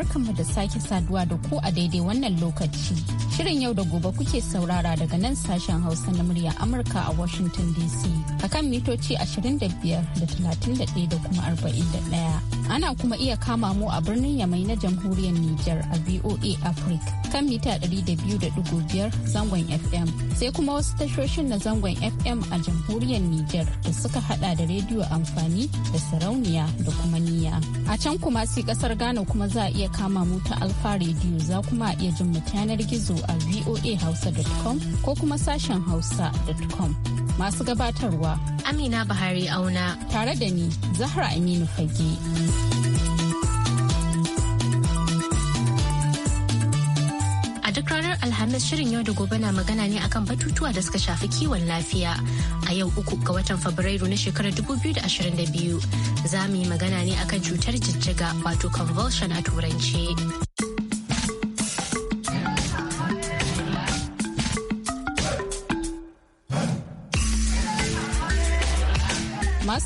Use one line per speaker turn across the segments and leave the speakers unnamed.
barkanmu da sake saduwa da ku a daidai wannan lokaci. Shirin yau da gobe kuke saurara daga nan sashen Hausa na murya Amurka a Washington DC akan mitoci 25 da 31 da kuma 41. Ana kuma iya kama mu a birnin Yamai na jamhuriyar Nijar a VOA Africa kan mita 200.5 zangon FM. Sai kuma wasu tashoshin na zangon FM a jamhuriyar Nijar da suka hada da rediyo amfani da sarauniya da kuma niya. A can kuma sai kasar Ghana kuma za a iya kama mu ta Alfa Radio za kuma iya jin mu yanar gizo a voahausa.com ko kuma sashen hausa.com. masu gabatarwa Amina Bahari Auna tare da ni Zahra Aminu Fage. A duk ranar Alhamis shirin yau da gobe na magana ne akan batutuwa da suka shafi kiwon lafiya. A yau uku ga watan Fabrairu na shekarar 2022 za mu yi magana ne akan cutar jijjiga wato convulsion a turanci.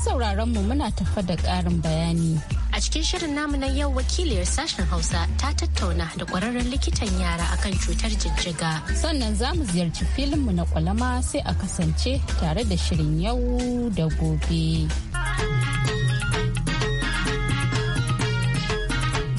sauraron mu muna tafa da ƙarin bayani. A cikin shirin namu na yau wakiliyar sashen Hausa ta tattauna da kwararren likitan yara akan cutar jijjiga. Sannan za mu ziyarci filin mu na kwalama sai a kasance tare da shirin yau da gobe.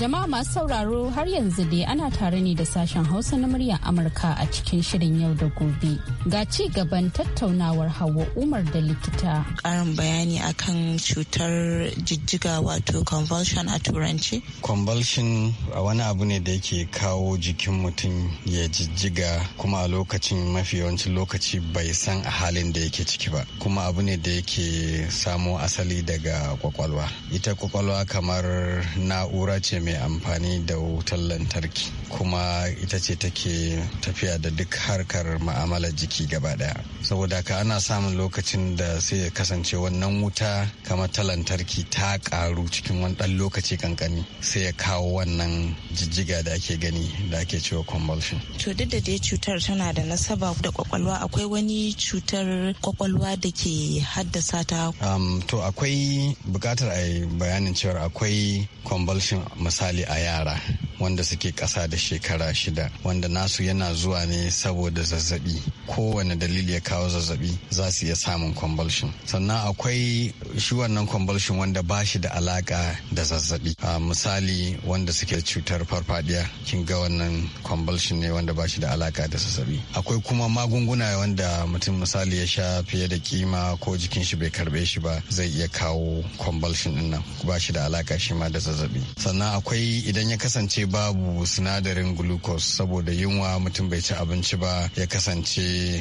Jama'a masu sauraro har yanzu dai ana tare ne da sashen Hausa na muryar Amurka a cikin shirin yau da gobe. Ga ci gaban tattaunawar Hauwa Umar da likita.
Karin bayani akan cutar jijjiga wato convulsion a turanci. Convulsion
a wani abu ne da yake kawo jikin mutum ya jijjiga kuma a lokacin mafi yawancin lokaci bai san a halin da yake ciki ba. Kuma abu ne da yake samo asali daga kwakwalwa. Ita kwakwalwa kamar na'ura ce mai mai amfani da wutar lantarki kuma ita ce take tafiya da duk harkar ma'amalar jiki gaba daya saboda ka ana samun lokacin da sai ya kasance wannan wuta kamar ta lantarki ta karu cikin wani dan lokaci kankani sai ya kawo wannan jijjiga da ake gani da ake cewa convulsion
to duk da dai cutar tana da nasaba da kwakwalwa akwai wani cutar kwakwalwa da ke haddasa ta
to akwai bukatar a bayanin cewa akwai convulsion misali a yara wanda suke ƙasa da shekara shida wanda nasu yana zuwa ne saboda zazzabi kowane dalili ya kawo zazzabi za su iya samun convulsion sannan akwai shi wannan convulsion wanda ba shi da alaka da zazzabi a misali wanda suke cutar farfadiya kin ga wannan convulsion ne wanda ba shi da alaka da zazzabi akwai kuma magunguna wanda mutum misali ya sha fiye da kima ko jikin shi bai karbe shi ba zai iya kawo convulsion din nan ba shi da alaka shi ma da zazzabi sannan akwai idan ya kasance babu sinadarin glucose saboda yunwa mutum bai ci abinci ba ya kasance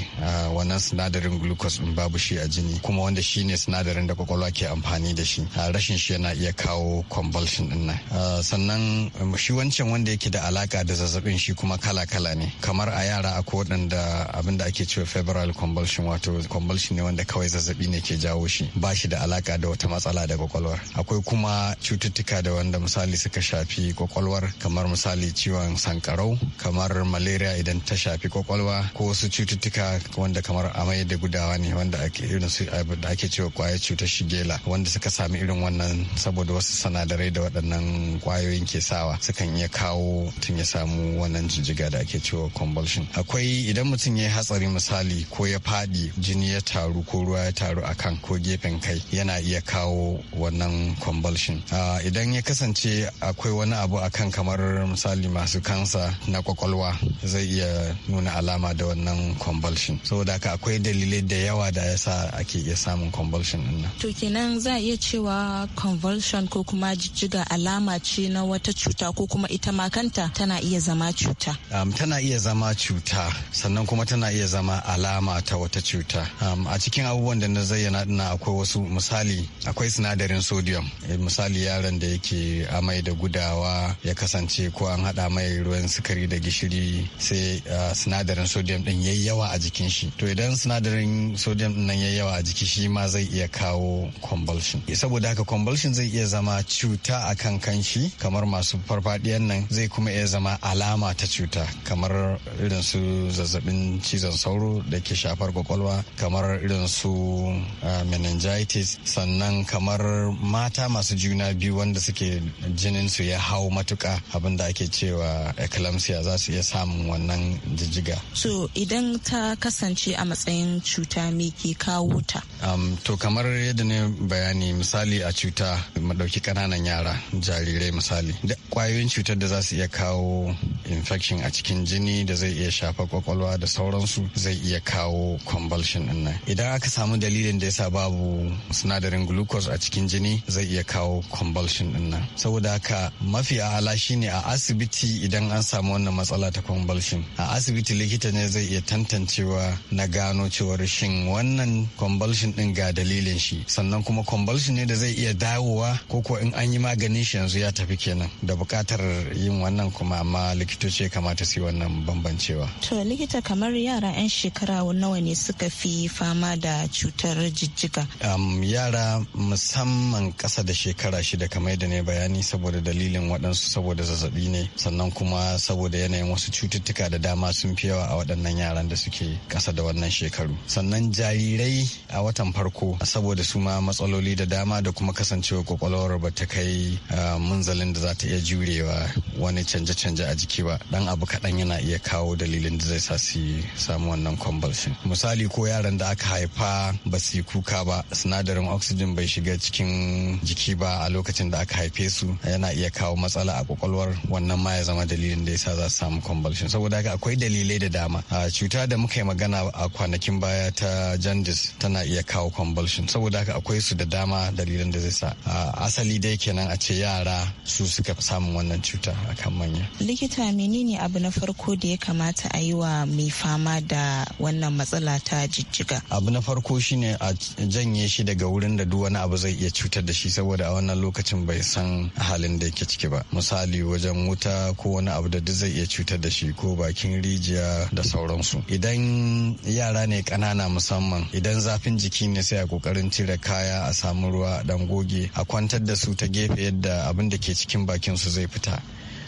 wannan sinadarin glucose din babu shi a jini kuma wanda shi ne sinadarin da kwakwalwa ke amfani da shi rashin shi yana iya kawo convulsion din nan sannan um, shi wancan wanda yake da alaka da zazzabin shi kuma kala-kala ne kamar a yara akwai waɗanda abin da ake cewa febrile convulsion wato convulsion ne wanda kawai zazzabi ne ke jawo shi ba shi da alaka da wata matsala da kwakwalwar akwai kuma cututtuka da wanda misali suka shafi kwakwalwar kamar kamar misali ciwon sankarau kamar malaria idan ta shafi kwakwalwa ko wasu cututtuka wanda kamar amai da gudawa ne wanda ake irin su da ake cewa kwayar cutar shigela wanda suka sami irin wannan saboda wasu sanadarai da waɗannan kwayoyin ke sawa sukan iya kawo mutum ya samu wannan jijjiga da ake cewa convulsion akwai idan mutum ya yi hatsari misali ko ya faɗi jini ya taru ko ruwa ya taru a kan ko gefen kai yana iya kawo wannan convulsion ah, idan ya kasance akwai wani abu akan kamar misali masu kansa na kwakwalwa zai iya nuna alama da wannan convulsion saboda haka akwai dalilai da yawa da yasa ake iya samun convulsion din
to kenan za a iya cewa convulsion ko kuma jijjiga alama ce na wata cuta ko kuma ita ma kanta tana iya zama cuta
um, tana iya zama cuta sannan kuma tana iya zama alama ta wata cuta um, a cikin abubuwan da na zayyana dina akwai wasu misali akwai sinadarin sodium eh, misali yaron da yake amai da gudawa ya kasance ce ko an haɗa mai ruwan sukari da gishiri sai sinadarin sodium din yayi yawa a jikin shi to idan sinadarin sodium din nan yayi yawa a jiki shi ma zai iya kawo convulsion saboda haka convulsion zai iya zama cuta a kan kanshi kamar masu farfadiyan nan zai kuma iya zama alama ta cuta kamar irin su zazzabin cizon sauro da ke shafar kwakwalwa kamar irin su meningitis sannan kamar mata masu juna biyu wanda suke jinin su ya hau matuka abin da ake cewa eclampsia za su iya samun wannan jijjiga
so idan ta kasance a matsayin cuta me ke kawo ta
um, to kamar yadda ne bayani misali a cuta madauki kananan yara jarirai misali da kwayoyin cutar da za su iya kawo infection a cikin jini da zai iya shafa kwakwalwa da sauransu zai iya kawo convulsion din idan aka samu dalilin da yasa babu sinadarin glucose a cikin jini zai iya kawo convulsion din nan saboda haka mafi ala shine a asibiti idan an samu wannan matsala ta kwambalshin a asibiti likita ne zai iya tantancewa na gano cewar shin wannan kwambalshin din ga dalilin shi sannan kuma kwambalshin ne da zai iya dawowa ko kuwa in an yi maganin shi yanzu ya tafi kenan da bukatar yin wannan kuma amma likitoci ya kamata su yi wannan bambancewa
to likita kamar yara 'yan shekara nawa ne suka fi fama da cutar jijjiga
yara musamman ƙasa da shekara shida kamar yadda ne bayani saboda dalilin waɗansu saboda zazzabi zazzabi ne sannan kuma saboda yanayin wasu cututtuka da dama sun fi yawa a waɗannan yaran da suke ƙasa da wannan shekaru sannan jarirai a watan farko saboda su ma matsaloli da dama da kuma kasancewa kwakwalwar ba ta kai munzalin da za ta iya jurewa wani canje-canje a jiki ba dan abu kaɗan yana iya kawo dalilin da zai sa su samu wannan convulsion misali ko yaran da aka haifa ba su kuka ba sinadarin oxygen bai shiga cikin jiki ba a lokacin da aka haife su yana iya kawo matsala a kwakwalwar yiwuwar wannan ma ya zama dalilin da yasa za su samu convulsion saboda haka akwai dalilai da dama a cuta da muka yi magana a kwanakin baya ta jandis tana iya kawo convulsion saboda haka akwai su da dama dalilan da zai sa asali dai kenan a ce yara su suka samun wannan cuta akan manya
likita menene abu na farko da ya kamata a yi wa mai fama da wannan matsala ta
jijjiga abu na farko shine a janye shi daga wurin da duk wani abu zai iya cutar da shi saboda a wannan lokacin bai san halin da yake ciki ba misali wajen wuta ko wani abu da zai iya cutar da shi ko bakin rijiya da sauransu idan yara ne kanana musamman idan zafin jiki ne sai a kokarin cire kaya a samu ruwa dan goge a kwantar da su ta gefe yadda abin da ke cikin bakin su zai fita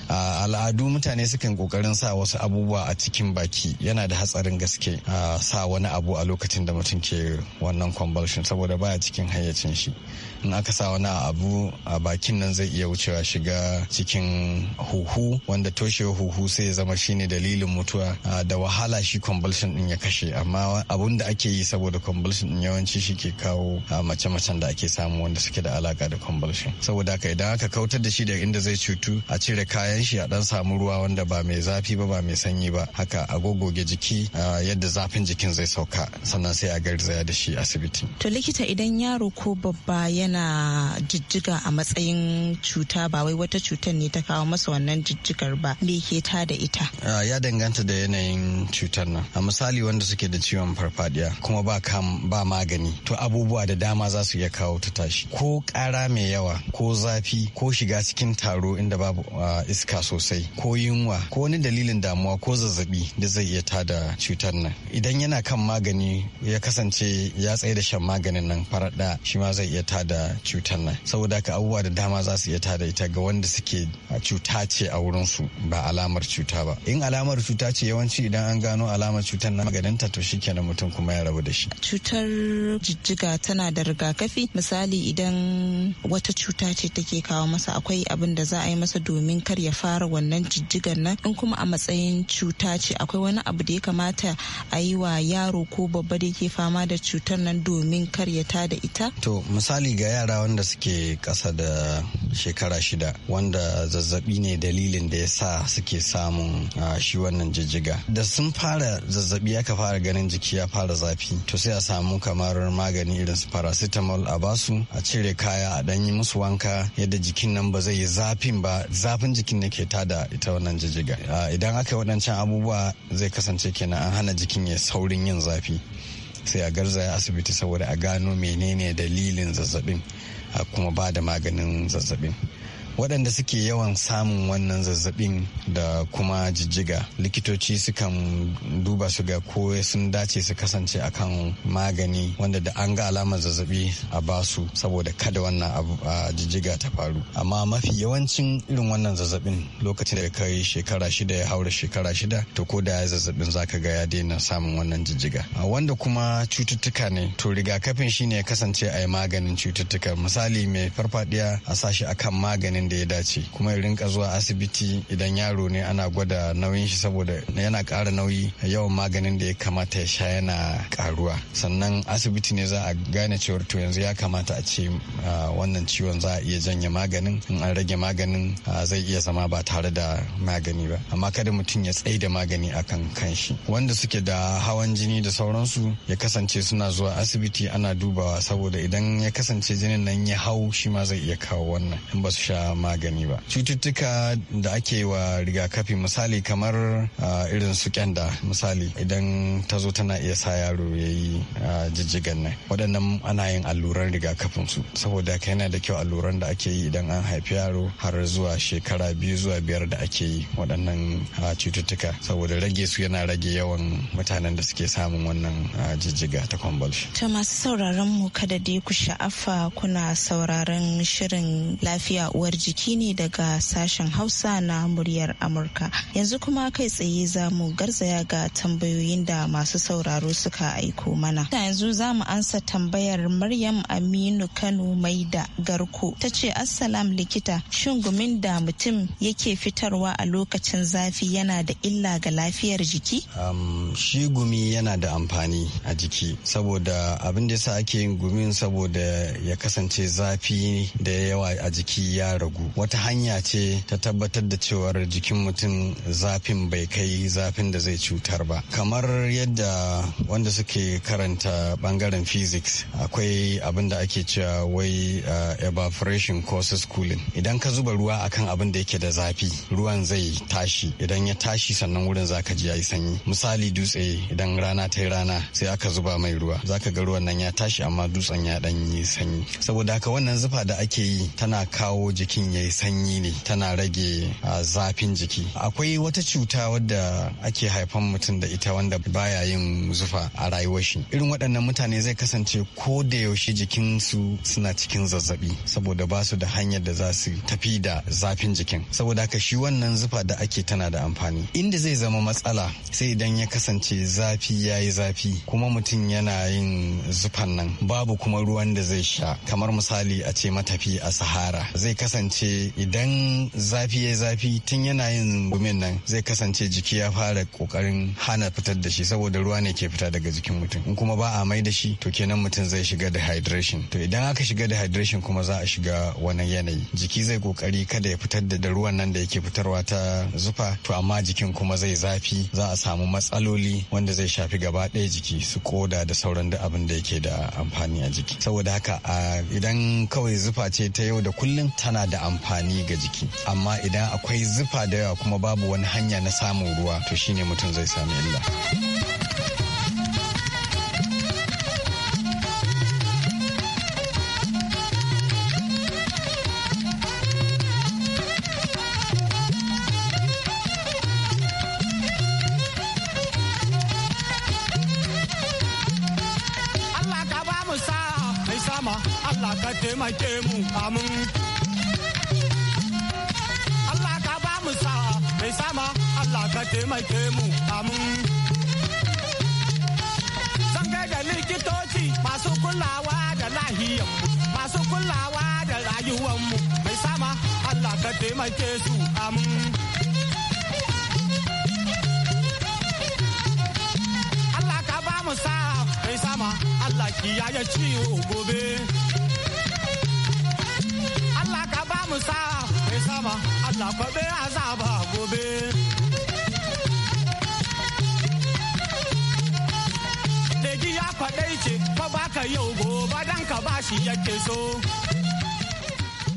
a al'adu mutane sukan kokarin sa wasu abubuwa a cikin baki yana da hatsarin gaske sa wani abu a lokacin da mutum ke wannan convulsion saboda baya cikin hayyacin shi in aka sa wani abu a bakin nan zai iya wucewa shiga cikin huhu wanda toshewar huhu sai ya zama shine dalilin mutuwa da wahala shi convulsion din ya kashe amma abun da ake yi saboda convulsion din yawanci shi ke kawo mace-macen da ake samu wanda suke da alaka da convulsion saboda haka idan aka kautar da shi da inda zai cutu a cire kayan shi a dan samu ruwa wanda ba mai zafi ba ba mai sanyi ba haka a gogoge jiki yadda zafin jikin zai sauka sannan sai a garzaya da shi asibiti
to likita idan yaro ko babba yana jijjiga a matsayin cuta ba wai wata cutar ne ta kawo masa wannan jijjigar ba me ke ta da ita
ah, ya danganta da yanayin cutar nan a misali wanda suke da ciwon farfadiya kuma ba kam ba magani to abubuwa da dama za su iya kawo ta tashi ko ƙara mai yawa ko zafi ko shiga cikin taro inda babu ah, iska sosai ko yunwa ko wani dalilin damuwa ko zazzabi da zai iya tada cutar nan idan yana kan magani ya kasance ya tsaye da shan maganin nan faraɗa shi ma zai iya tada da cutar nan saboda haka abubuwa da dama za su iya tada ita ga wanda suke cuta ce a su ba alamar cuta ba in alamar cuta ce yawanci idan an gano alamar cutar nan maganinta to shikenan mutum kuma ya rabu da shi
cutar jijjiga tana da rigakafi misali idan wata cuta ce take kawo masa akwai abin da za a yi masa domin kar ya fara wannan jijjigan nan in kuma a matsayin cuta ce akwai wani abu da ya kamata a yi wa yaro ko babba da yake fama da cutar nan domin kar ya tada ita
to misali ga ga yara wanda suke kasa da shekara shida wanda zazzabi ne dalilin da ya sa suke samun shi wannan jijjiga da sun fara zazzabi aka fara ganin jiki ya fara zafi to sai a samu kamar magani irin su paracetamol a basu a cire kaya a danyi musu wanka yadda jikin nan ba zai yi zafin ba zafin jikin ne ke tada ita wannan jijjiga idan aka yi waɗancan abubuwa zai kasance kenan an hana jikin ya saurin yin zafi sai a garzaya asibiti saboda a gano menene dalilin zazzabin a kuma ba da maganin zazzabin waɗanda suke yawan samun wannan zazzabin da kuma jijjiga likitoci sukan duba su ga ko sun dace su kasance akan magani wanda da an ga alamar zazzabi a basu saboda kada wannan abu a jijjiga ta faru amma mafi yawancin irin wannan zazzabin lokacin da kai shekara shida ya haura shekara shida to ko da ya zazzabin zaka ga ya daina samun wannan jijjiga wanda kuma cututtuka ne to rigakafin shine ya kasance a yi maganin cututtuka misali mai farfadiya a sashi akan maganin da ya dace kuma ya rinka zuwa asibiti idan yaro ne ana gwada nauyin shi saboda yana ƙara nauyi yawan maganin da ya kamata ya sha yana ƙaruwa sannan asibiti ne za a gane cewar to yanzu ya kamata a ce wannan ciwon za a iya janye maganin in an rage maganin zai iya zama ba tare da magani ba amma kada mutum ya tsaye da magani akan kanshi wanda suke da hawan jini da sauransu ya kasance suna zuwa asibiti ana dubawa saboda idan ya kasance jinin nan ya hau shi ma zai iya kawo wannan in ba su sha magani ba cututtuka da ake wa rigakafi misali kamar irin su kyanda misali idan ta zo tana iya sa yaro ya yi jijjigan nan waɗannan ana yin alluran rigakafin su saboda haka yana da kyau alluran da ake yi idan an haifi yaro har zuwa shekara biyu zuwa biyar da ake yi waɗannan cututtuka saboda rage su yana rage yawan mutanen da suke samun wannan jijjiga ta kwambalshi.
ta masu sauraron mu kada dai ku sha'afa kuna sauraron shirin lafiya uwar jiki ne daga sashen Hausa na muryar Amurka. Yanzu kuma kai tsaye za mu garzaya ga tambayoyin da masu sauraro suka aiko mana. Yanzu za mu ansa tambayar Maryam Aminu Kano mai da Garko ta ce Assalam likita shin gumin da mutum yake fitarwa a lokacin zafi yana da illa ga lafiyar jiki?
Um, shi gumi yana da amfani a jiki saboda abin da yasa ake yin gumin saboda ya kasance zafi da yawa a jiki ya ragu wata hanya ce ta tabbatar da cewar jikin mutum zafin bai kai zafin da zai cutar ba kamar yadda wanda suke karanta bangaren physics akwai abin da ake cewa wai eh, evaporation causes cooling idan ka zuba ruwa akan abin da yake da zafi ruwan zai tashi idan ya tashi sannan wurin zaka ji yayi sanyi misali dutse idan rana ta rana sai aka zuba mai ruwa zaka ga ruwan nan ya tashi amma dutsen ya dan yi sanyi saboda haka wannan zufa da ake yi tana kawo jiki jikin ya yi sanyi ne tana rage zafin jiki akwai wata cuta wadda ake haifan mutum da ita wanda baya yin zufa a rayuwar shi irin waɗannan mutane zai kasance ko da yaushe jikin su suna cikin zazzabi saboda ba su da hanyar da za su tafi da zafin jikin saboda haka shi wannan zufa da ake tana da amfani inda zai zama matsala sai idan ya kasance zafi ya yi zafi kuma mutum yana yin zufan nan babu kuma ruwan da zai sha kamar misali a ce matafi a sahara zai kasance kasance idan zafi ya zafi tun yana yin gumin nan zai kasance jiki ya fara kokarin hana fitar da shi saboda ruwa ne ke fita daga jikin mutum in kuma ba a mai da shi to kenan mutum zai shiga hydration to idan aka shiga da hydration kuma za a shiga wani yanayi jiki zai kokari kada ya fitar da ruwan nan da yake fitarwa ta zufa to amma jikin kuma zai zafi za a samu matsaloli wanda zai shafi gaba ɗaya jiki su koda da sauran da abin da yake da amfani a jiki saboda haka idan kawai zufa ce ta yau da kullum tana da da amfani ga jiki amma idan akwai zufa da yawa kuma babu wani hanya na samun ruwa to shine mutum zai sami illa.
taimake mu amin. Zan da likitoci masu kulawa da lahiyar masu kulawa da rayuwanmu mai sama Allah ka taimake su amu. Allah ka ba mu sa mai sama Allah kiyaye ciwo gobe. Allah ka ba mu sa mai sama Allah kwabe azaba gobe. ji ya ce fa baka yau gobe dan ka bashi yake so.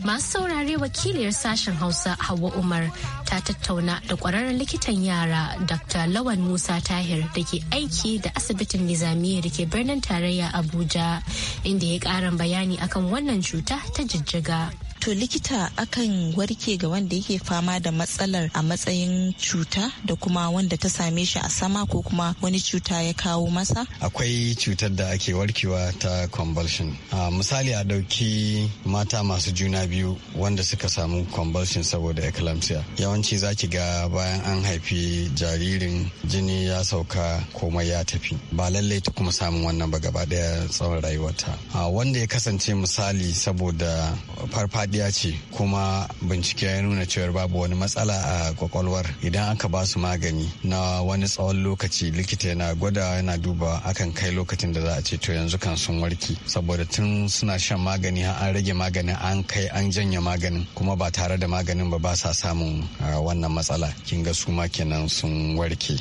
Masu saurare wakiliyar sashen Hausa Hauwa Umar ta tattauna da kwararren likitan yara Dr. Lawan Musa Tahir da ke aiki da asibitin Nizamiya da ke birnin tarayya Abuja inda ya karan bayani akan wannan cuta
ta jijjiga. To likita akan warke ga wanda yake fama da matsalar a matsayin cuta da kuma wanda ta same shi a sama ko kuma wani cuta ya kawo masa?
Akwai cutar da ake warkewa ta convulsion. A misali a dauki mata masu juna biyu wanda suka samu convulsion saboda eclampsia. Yawanci za ki ga bayan an haifi jaririn jini ya sauka komai ya tafi. Ba lallai ta kuma samun wannan ba gaba daya tsawon rayuwarta. Wanda ya kasance misali saboda farfadi farfadiya ce kuma bincike ya nuna cewa babu wani matsala a kwakwalwar idan aka ba su magani na wani tsawon lokaci likita yana gwada yana duba akan kai lokacin da za a ce to yanzu kan sun warke saboda tun suna shan magani har an rage maganin an kai an janye maganin kuma ba tare da maganin ba ba sa samun wannan matsala kin ga su ma kenan sun warke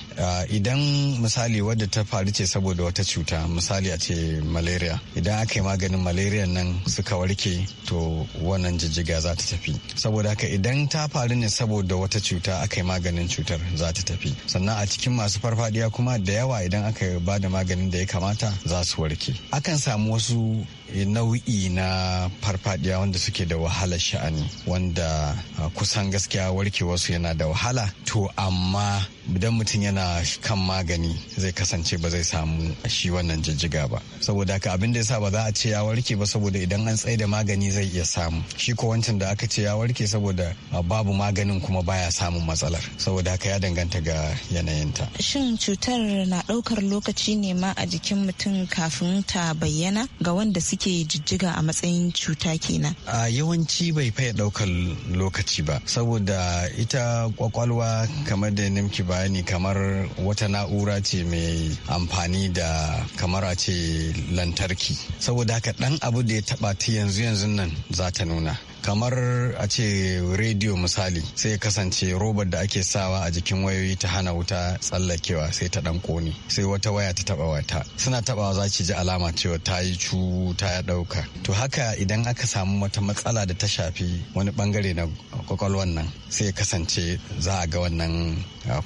idan misali wadda ta faru ce saboda wata cuta misali a ce malaria idan aka yi maganin malaria nan suka warke to wannan jijjiga za ta tafi saboda haka idan ta faru ne saboda wata cuta aka yi maganin cutar za ta tafi sannan a cikin masu farfadiya kuma da yawa idan aka ba da maganin da ya kamata za su warke akan samu wasu nau'i na farfadiya wanda suke da wahalar sha'ani wanda uh, kusan gaskiya warkewarsu yana da wahala to amma idan mutum yana kan magani zai kasance ba zai samu shi wannan jijjiga ba saboda haka abin da ya sa ba za a ce ya warke ba saboda idan an tsaye da magani zai iya samu shi ko wancan da aka ce ya warke saboda uh, babu maganin kuma baya samun matsalar saboda haka ya danganta ga yanayin ta.
shin cutar na ɗaukar lokaci ne ma a jikin mutum kafin ta bayyana ga wanda suke Ke jijjiga a matsayin cuta kenan
a yawanci bai faye daukar lokaci ba saboda ita kwakwalwa kamar da nimki bayani kamar wata na'ura ce mai amfani da kamar a ce lantarki saboda haka dan abu da ya taba ta yanzu yanzu nan za ta nuna kamar a ce rediyo misali sai kasance robar da ake sawa a jikin wayoyi ta hana wuta tsallakewa sai ta dan koni sai wata waya ta taba wata suna taba za ki ji alama cewa ta yi cu ta ya dauka to haka idan aka samu wata matsala da ta shafi wani bangare na kwakwalwan nan sai kasance za a ga wannan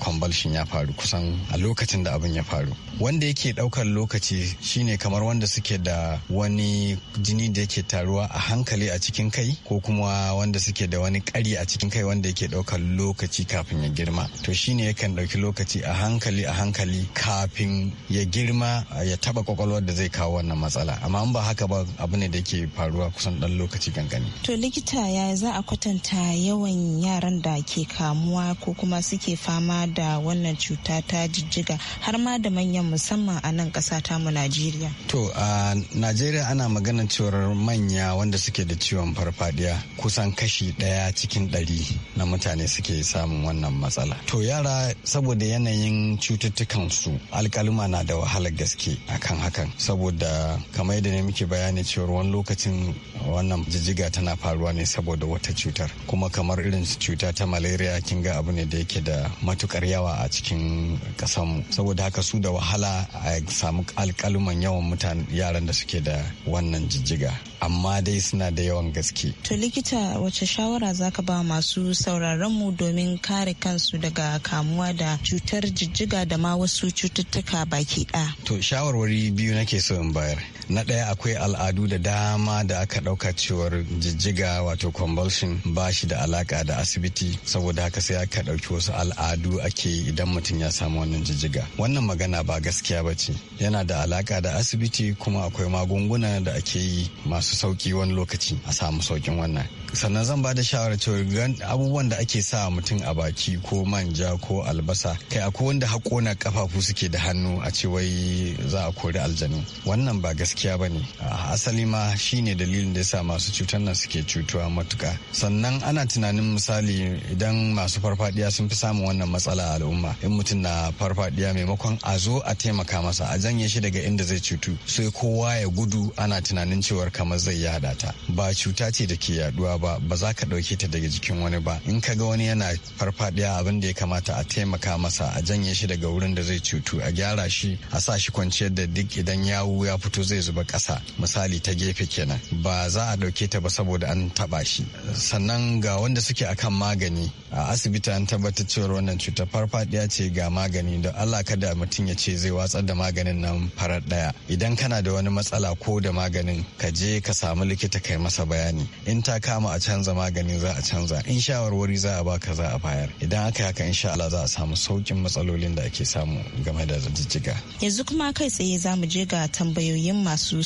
kwambalshin ya faru kusan a lokacin da abin ya faru wanda yake daukar lokaci shine kamar wanda suke da wani jini da yake taruwa a hankali a cikin kai ko kuma wanda suke da wani kari a cikin kai wanda yake ɗaukar lokaci kafin ya girma to shine yakan ɗauki lokaci a hankali a hankali kafin ya girma ya taɓa kwakwalwar da zai kawo wannan matsala amma in ba haka ba abu ne da ke faruwa kusan ɗan lokaci gankani.
to likita ya za a kwatanta yawan yaran da ke kamuwa ko kuma suke fama da wannan cuta ta jijjiga har ma da manyan musamman a nan kasa ta mu najeriya
to a najeriya ana maganar cewar manya wanda suke da ciwon farfadiya kusan kashi ɗaya cikin ɗari na mutane suke samun wannan matsala to yara saboda yanayin cututtukan su alkaluma na da wahalar gaske akan hakan saboda kamar yadda ne muke bayani cewa wani lokacin wannan jijiga tana faruwa ne saboda wata cutar kuma kamar irin cuta ta malaria kin ga abu ne da yake da matukar yawa a cikin kasanmu saboda haka su da wahala a samu alkaluman yawan mutane yaran da suke da wannan jijiga. amma dai suna da yawan
gaske. To likita wace shawara zaka ba masu sauraron mu domin kare kansu daga kamuwa da cutar jijjiga da ma wasu cututtuka baki ɗaya.
To shawarwari biyu nake so in bayar. na ɗaya akwai al'adu da dama da aka ɗauka cewar jijjiga wato convulsion ba shi da alaka da asibiti saboda haka sai aka ɗauki wasu al'adu ake yi idan mutum ya samu wannan jijjiga wannan magana ba gaskiya ba ce yana da alaka da asibiti kuma akwai magunguna da ake yi masu sauƙi wani lokaci a samu saukin wannan sannan zan ba da shawarar cewa abubuwan da ake sa mutum a baki ko manja ko albasa kai akwai wanda haƙona kafafu suke da hannu a ce wai za a kori aljanu wannan ba gaskiya gaskiya ba ne asali ma shine dalilin da yasa masu cutar nan suke cutuwa matuka sannan ana tunanin misali idan masu farfadiya sun fi samun wannan matsala a al'umma in mutum na farfadiya maimakon a zo a taimaka masa a janye shi daga inda zai cutu sai kowa ya gudu ana tunanin cewar kamar zai yada ta ba cuta ce da ke yaduwa ba ba za ka ɗauke ta daga jikin wani ba in ka ga wani yana farfadiya abin da ya kamata a taimaka masa a janye shi daga wurin da zai cutu a gyara shi a sa shi kwanciyar da duk idan yawu ya fito zai zuba kasa misali ta gefe kenan ba za a ɗauke ta ba saboda an taɓa shi sannan ga wanda suke akan magani a asibiti an tabbatar cewa wannan cutar farfadiya ce ga magani da Allah kada mutum ya ce zai watsar da maganin nan farar ɗaya idan kana da wani matsala ko da maganin ka je ka samu likita kai masa bayani in ta kama a canza magani za a canza in shawarwari za a baka za a bayar idan aka yi haka insha Allah za a samu saukin matsalolin da ake samu game da jijjiga
yanzu kuma kai tsaye za mu je ga tambayoyin masu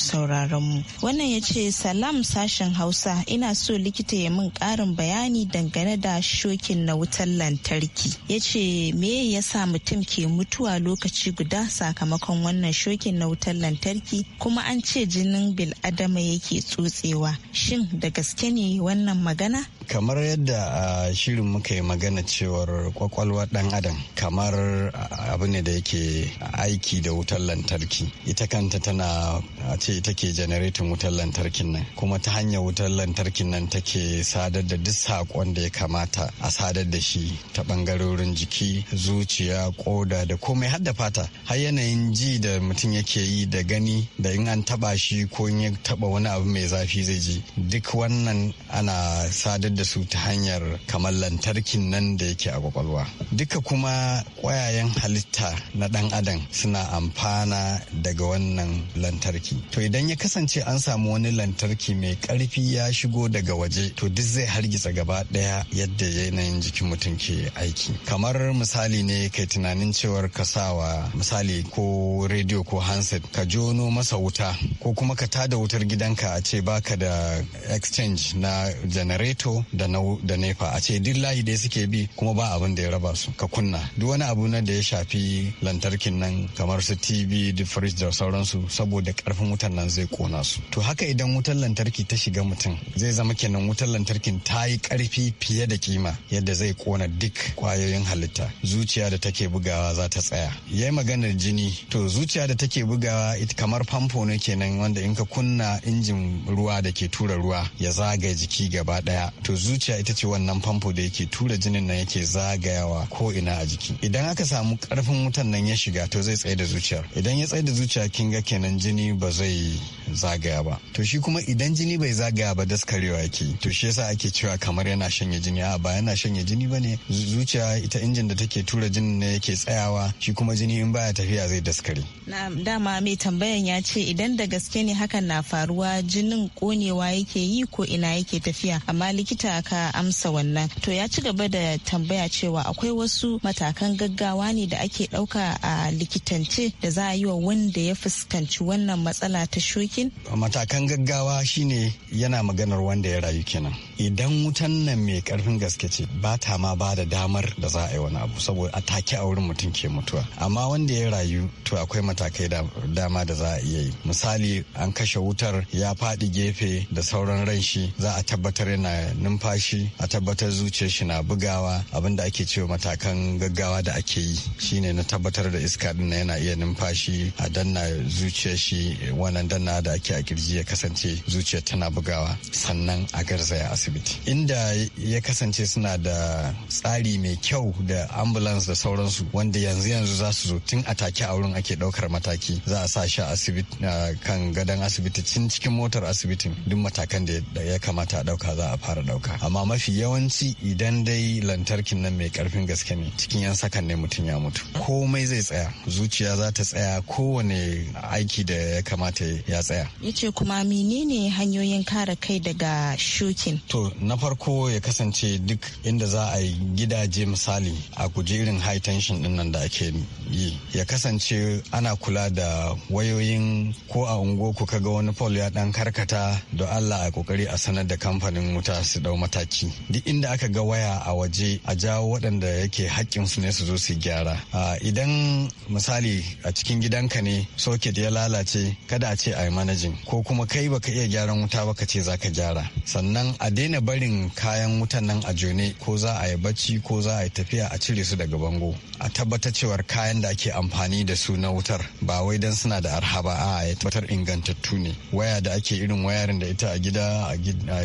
mu Wannan ya ce salam sashen Hausa ina so likita ya min ƙarin bayani dangane da shokin na wutar lantarki. Ya ce me yasa mutum ke mutuwa lokaci guda sakamakon wannan shokin na wutar lantarki kuma an ce jinin bil'adama yake tsotsewa. Shin da gaske ne wannan magana?
kamar yadda shirin muka yi magana cewar kwakwalwa ɗan adam kamar abu ne da yake aiki da wutar lantarki ita kanta tana a ce ita ke janaretin wutar lantarkin nan kuma ta hanyar wutar lantarkin nan take sadar da duk saƙon da ya kamata a sadar da shi ta ɓangarorin jiki zuciya koda da komai har da fata har yanayin ji da mutum yake yi da gani da in an taɓa shi ko in ya taba wani abu mai zafi zai ji duk wannan ana sadar da su ta hanyar kamar lantarkin nan da yake a kwakwalwa duka kuma ƙwayayen halitta na ɗan adam suna amfana daga wannan lantarki lantarki to idan ya kasance an samu wani lantarki mai karfi ya shigo daga waje to duk zai hargitsa gaba daya yadda yanayin jikin mutum ke aiki kamar misali ne kai tunanin cewar ka sawa misali ko rediyo ko handset ka jono masa wuta ko kuma ka tada wutar gidanka a ce baka da exchange na generator da na da nepa a ce duk layi dai suke bi kuma ba abin da ya raba su ka kunna duk wani abu na da ya shafi lantarkin nan kamar su tv da fridge da sauransu saboda karfin zafin wutan nan zai kona su to haka idan wutar lantarki ta shiga mutum zai zama kenan wutar lantarkin ta yi karfi fiye da kima yadda zai kona duk kwayoyin halitta zuciya da take bugawa za ta tsaya ya yi maganar jini to zuciya da take bugawa kamar famfo ne kenan wanda in ka kunna injin ruwa da ke tura ruwa ya zagaya jiki gaba daya to zuciya ita ce wannan famfo da yake tura jinin nan yake zagayawa ko ina a jiki idan aka samu karfin wutan nan ya shiga to zai tsaye da zuciyar idan ya tsaye da zuciya kin ga kenan jini ba ba zai zagaya ba to shi kuma idan jini bai zagaya ba daskarewa yake to shi yasa ake cewa kamar yana shanye jini a ba yana shanye jini ba ne zuciya ita injin da take tura jinin ne yake tsayawa shi kuma jini in baya tafiya zai daskare
na'am dama mai tambayan ya ce idan da gaske ne hakan na faruwa jinin konewa yake yi ko ina yake tafiya amma likita ka amsa wannan to ya ci gaba da tambaya cewa akwai wasu matakan gaggawa ne da ake ɗauka a likitance da za a yi wa wanda ya fuskanci wannan matsala matsala ta shokin?
Matakan gaggawa shine yana maganar wanda ya rayu kenan. Idan wutan nan mai karfin gaske ce ba ta ma ba da damar da za a yi wani abu saboda a take a wurin mutum ke mutuwa. Amma wanda ya rayu to akwai matakai dama da za a iya yi. Misali an kashe wutar ya faɗi gefe da sauran ran shi za a tabbatar yana numfashi a tabbatar zuciyar shi na bugawa abin da ake cewa matakan gaggawa da ake yi shine na tabbatar da iska din yana iya numfashi a danna zuciyar shi wannan danna da ake a kirji ya kasance zuciya tana bugawa sannan a garzaya asibiti inda ya kasance suna da tsari mai kyau da ambulance da sauransu wanda yanzu yanzu za su zo tun a take a wurin ake daukar mataki za a sa shi asibiti kan gadon asibiti cin cikin motar asibitin duk matakan da ya kamata a dauka za a fara dauka amma mafi yawanci idan dai lantarkin nan mai karfin gaske ne cikin yan sakan ne mutum ya mutu komai zai tsaya zuciya za ta tsaya kowane aiki da ya kamata kamata ya tsaya
ya ce kuma menene hanyoyin kare kai daga shukin
to na farko ya kasance duk inda za a yi gidaje misali a guji irin high tension din nan da ake yi ya kasance ana kula da wayoyin ko a ungo ku kaga wani pole ya dan karkata da allah a kokari a sanar da kamfanin wuta su dau mataki duk inda aka ga waya a waje a jawo waɗanda yake hakkin su ne su zo su gyara idan misali a cikin gidanka ne socket ya lalace kada a ce a yi manajin ko kuma kai baka iya gyaran wuta ba ka ce za ka gyara sannan a daina barin kayan wutan nan a jone ko za a yi bacci ko za a yi tafiya a cire su daga bango a tabbatar cewar kayan da ake amfani da su na wutar ba wai dan suna da arha ba a ya tabbatar ingantattu ne waya da ake irin wayarin da ita a gida a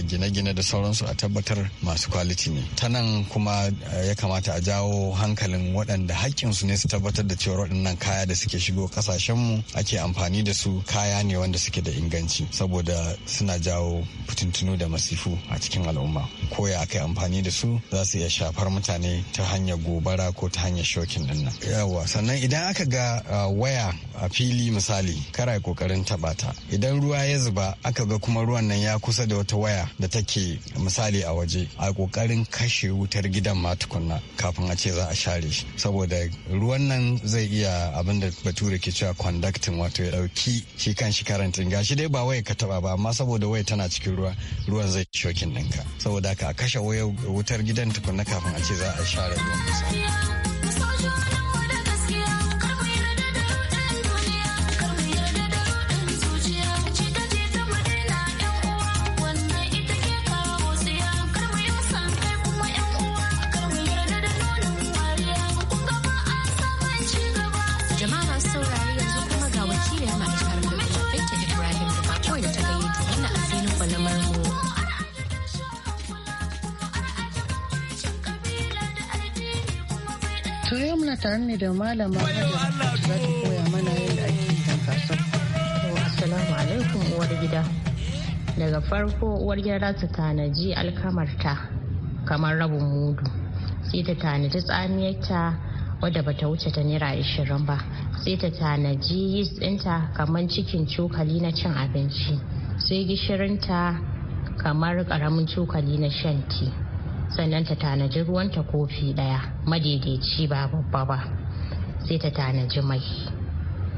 gine-gine da sauransu a tabbatar masu kwaliti ne ta nan kuma eh, ya kamata a jawo hankalin waɗanda haƙƙinsu ne su tabbatar da cewar waɗannan kaya da suke shigo ƙasashenmu ake amfani da su kaya ne wanda suke da inganci saboda suna jawo fitintunu da masifu a cikin al'umma ko ya aka amfani da su za su iya shafar mutane ta hanyar gobara ko ta hanyar shokin din nan yawa sannan idan aka ga waya a fili misali kara kokarin taba ta idan ruwa ya zuba aka ga kuma ruwan nan ya kusa da wata waya da take misali a waje a kokarin kashe wutar gidan ma tukunna kafin a ce za a share shi saboda ruwan nan zai iya abin da bature ke cewa conducting wato ya dauki shi kan shi karantin gashi dai ba waya ka taba ba amma saboda waya tana cikin ruwa ruwan zai shokin ɗinka saboda ka kashe wayar wutar gidan tukunna kafin a ce za a share ruwan kusa.
tare ne da malama koya mana alaikum uwar gida. Daga farko uwar gida za ta tanaji alkamarta kamar rabin mudu. Sai ta tanaji tsamiyarta wadda bata wuce ta naira ashirin ba. Sai ta tanaji yis ɗinta kamar cikin cokali na cin abinci. Sai gishirinta kamar ƙaramin cokali na shanti sannan ta tanaji ta kofi ɗaya madaidaici ba babba ba sai ta tanaji mai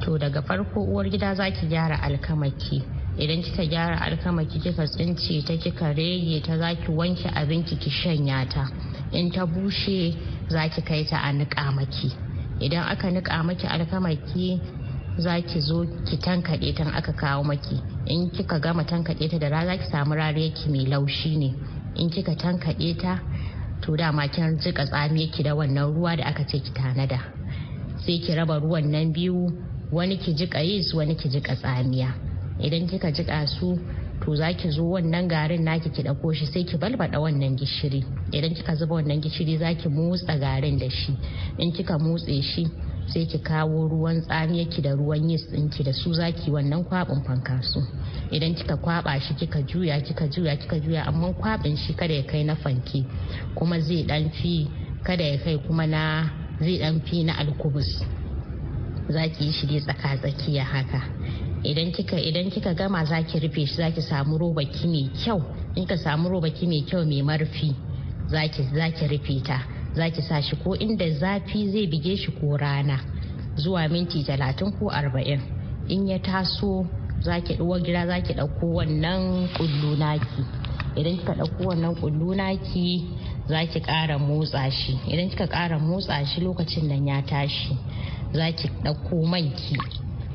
to daga farko uwar gida za ki gyara alkamaki idan kika gyara alkamaki kika tsince ta kika rege ta za ki wanke abinki ki shanya ta in ta bushe za ki kai ta a niƙa maki idan aka niƙa maki alkamaki za ki zo ki tankaɗe ta aka kawo maki in kika gama tankaɗe ta da rana ki samu rariyarki mai laushi ne in kika tankaɗe ta to dama kin jika tsami ki da wannan ruwa da aka ce ki tanada sai ki raba ruwan nan biyu wani ki jika yis wani ki jika tsamiya idan kika jika su to za ki zo wannan garin naki ki ɗauko shi sai ki balbaɗa wannan gishiri idan kika zuba wannan gishiri za ki motsa garin da shi in kika motse shi sai ki kawo ruwan tsamiyarki da ruwan yis ɗinki da su zaki wannan kwabin fankaso idan kika kwaɓa shi kika juya kika juya kika juya amma kwabin shi kada ya kai na fanke kuma zai dan fi kada ya kai kuma na zai dan fi na alkubus zaki yi shi dai tsaka tsakiya haka idan kika idan kika gama zaki rufe shi zaki samu robaki mai kyau in ka samu robaki mai kyau mai marfi zaki zaki rufe ta za ki sa shi ko inda zafi zai bige shi ko rana zuwa minti talatin ko arba'in in ya taso za ki ɗuwa gira za ki ɗauko wannan ƙullu naki idan kika ɗauko wannan ƙullu naki za ki ƙara motsa shi idan kika ƙara motsa shi lokacin nan ya tashi za ki ɗauko manki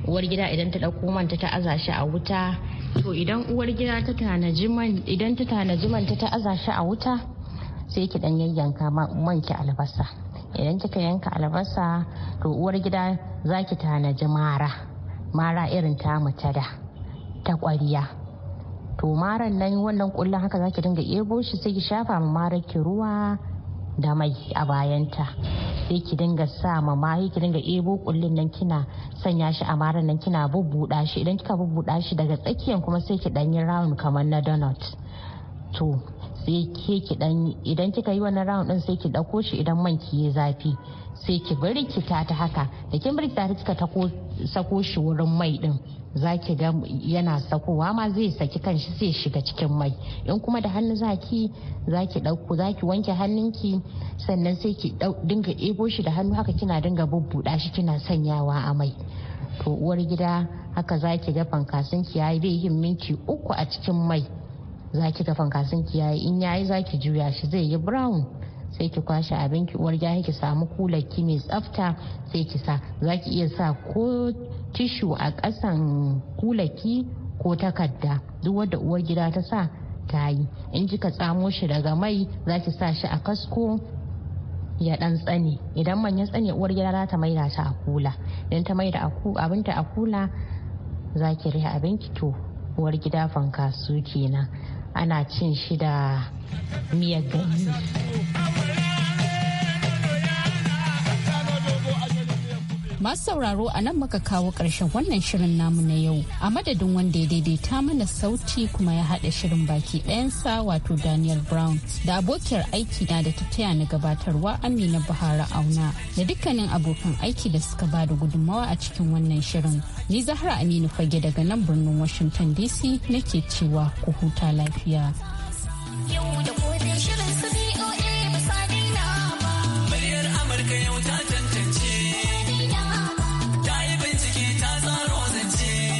uwar gida idan ta ɗauko manta ta aza shi a wuta to idan uwar gida ta tanaji man idan ta tanaji manta ta aza shi a wuta sai ki dan yayyanka man ki albasa idan kika yanka albasa to uwar gida za ki tanaji mara mara irin ta da ta kwariya to maran nan wannan kullun haka za ki dinga ebo shi sai ki shafa ma marar ki ruwa da mai a bayanta sai ki dinga sa ma mai ki dinga ebo kullun nan kina sanya shi a maran nan kina bubbuda shi idan kika bubbuda shi daga tsakiyan kuma sai ki yi round kamar na donut to sai ke ki dan idan kika yi wannan round din sai ki dauko shi idan man ki yi zafi sai ki ki ta haka da kin bari ta kika ko sako shi wurin mai din za ki ga yana sakowa ma zai saki kanshi zai shiga cikin mai in kuma da hannu za ki za ki ki wanke hannunki sannan sai ki dinga ebo shi da hannu haka kina dinga bubbuɗa shi kina sanyawa a mai to uwar gida haka za ki ga fankasinki ya yi yin minti uku a cikin mai zaki ki fankasin ki yayi in yayi zaki juya shi zai yi brown sai ki kwashe abinki ki uwar gyahi ki samu kular ki mai tsafta sai ki sa za iya sa ko tishu a kasan kulaki ko takarda duk wadda uwar gida ta sa ta yi in kika tsamo shi daga mai zaki sa shi a kasko ya dan tsane idan man ya tsane uwar gida za ta maida shi a kula idan ta maida abinta a kula za ki abinki to uwar gida fankasu kenan ana cin shi da miyar
Masu sauraro a nan muka kawo ƙarshen wannan shirin namu na yau. A madadin wanda ya daidaita mana sauti kuma ya haɗa shirin baki ɗayansa wato Daniel Brown da abokiyar aiki na da ta taya na gabatarwa Amina Bahara Auna da dukkanin abokan aiki da suka ba da gudunmawa a cikin wannan shirin. Ni Zahra Aminu Fage daga nan birnin Washington DC nake cewa ku huta lafiya. Yau da